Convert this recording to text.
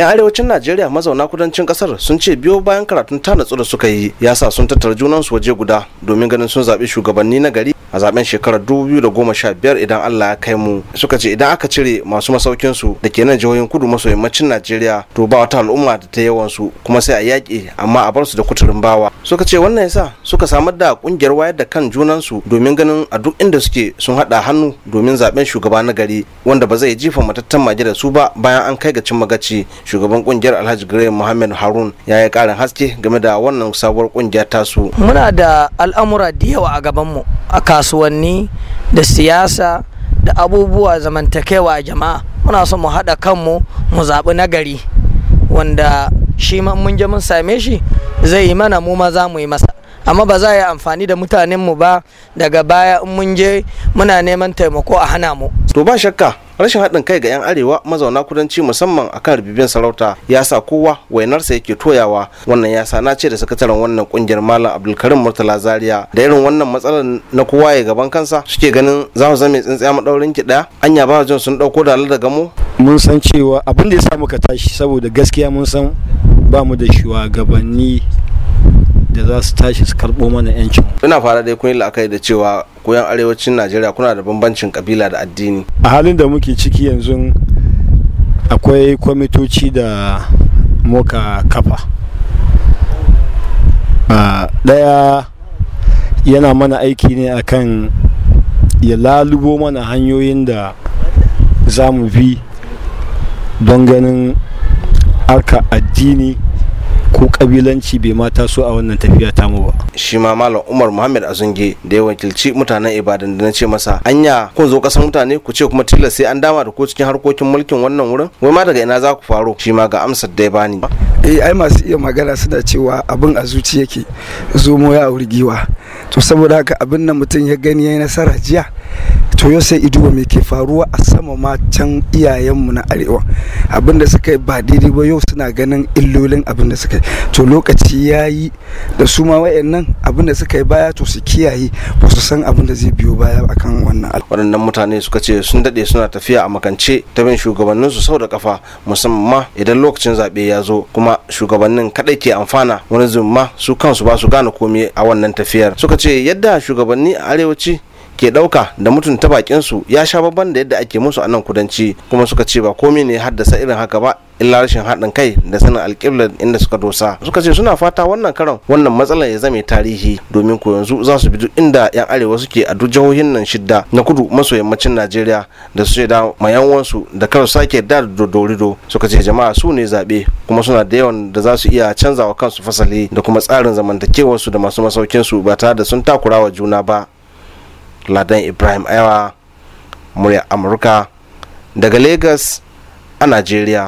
yan arewacin najeriya mazauna kudancin kasar sun ce biyo bayan karatun ta natsu da suka yi ya sa sun tattara junansu waje guda domin ganin sun zaɓi shugabanni na gari a zaben shekarar 2015 idan Allah ya kai mu suka ce idan aka cire masu masaukin su da ke nan jihohin kudu maso yammacin Najeriya to ba wata al'umma da ta yawan su kuma sai a yaƙi amma a bar su da kuturin bawa suka ce wannan yasa suka samar da kungiyar wayar da kan junan su domin ganin a duk inda suke sun hada hannu domin zaben shugaba na gari wanda ba zai jifa matattan magi da su ba bayan an kai ga cin magaci shugaban kungiyar Alhaji Graham Muhammad Harun ya yi karin haske game da wannan sabuwar kungiya tasu muna da al'amura da yawa a gaban mu a kasuwanni da siyasa da abubuwa zamantakewa a jama'a muna so mu haɗa kanmu mu zaɓi nagari wanda shi mun je mun same shi zai yi mana mu maza za mu yi masa amma ba za a yi amfani da mutanenmu ba daga baya in mun je muna neman taimako a hana mu to ba shakka rashin haɗin kai ga 'yan arewa mazauna kudanci musamman a kan rububin sarauta ya sa kowa wainarsa yake toyawa wannan ya sa na ce da sakataren wannan kungiyar malam abdulkarim murtala zaria da irin wannan matsalar na kowa ya gaban kansa suke ganin za mu zama tsintsiya maɗaurin ki ɗaya anya ba jin sun ɗauko da daga mu. mun san cewa abin da ya sa muka tashi saboda gaskiya mun san ba mu da shugabanni da za su tashi su karɓo mana 'yancin. ina fara dai kun yi la'akari da cewa koyan arewacin najeriya kuna da bambancin kabila da addini a halin da muke ciki yanzu akwai kwamitoci da muka kafa a daya yana mana aiki ne akan ya lalubo mana hanyoyin da za mu bi don ganin arka addini ko kabilanci bai ma taso a wannan tafiya ta mu ba shi ma malam umar muhammad azunge da ya wakilci mutanen ibadan da na ce masa anya kun zo kasan mutane ku ce kuma tilas sai an dama da ko cikin harkokin mulkin wannan wurin wai ma daga ina za ku faro shi ma ga amsar da ya bani eh ai masu iya magana suna cewa abin a zuci yake zomo ya wurgiwa to saboda haka abin nan mutum ya gani ya nasara jiya to yau sai iduwa me ke faruwa a sama ma can iyayenmu na arewa abin da suka yi ba daidai ba yau suna ganin illolin abin da suka yi to lokaci ya yi da su ma wayannan abin da suka yi baya to su kiyaye ba su san abin zai biyo baya akan wannan waɗannan mutane suka ce sun daɗe suna tafiya a makance ta bin su sau da kafa musamman ma idan lokacin zaɓe ya zo kuma shugabannin kaɗai ke amfana wani zumma su kansu ba su gane komai a wannan tafiyar suka ce yadda shugabanni a arewaci ke ɗauka da mutunta bakin su ya sha babban da yadda ake musu a nan kudanci kuma suka ce ba komai ne haddasa irin haka ba illa rashin haɗin kai da sanin alƙiblar inda suka dosa suka ce suna fata wannan karan wannan matsalar ya zame tarihi domin ko yanzu za su bi duk inda yan arewa suke a duk jihohin nan shidda na kudu maso yammacin najeriya da su da mayanwansu da kar sake da dodorido suka ce jama'a su ne zaɓe kuma suna da yawan da za su iya canzawa kansu fasali da kuma tsarin zamantakewarsu da masu masaukinsu ba tare da sun takurawa juna ba ladan ibrahim ayawa murya amurka daga lagos a najeriya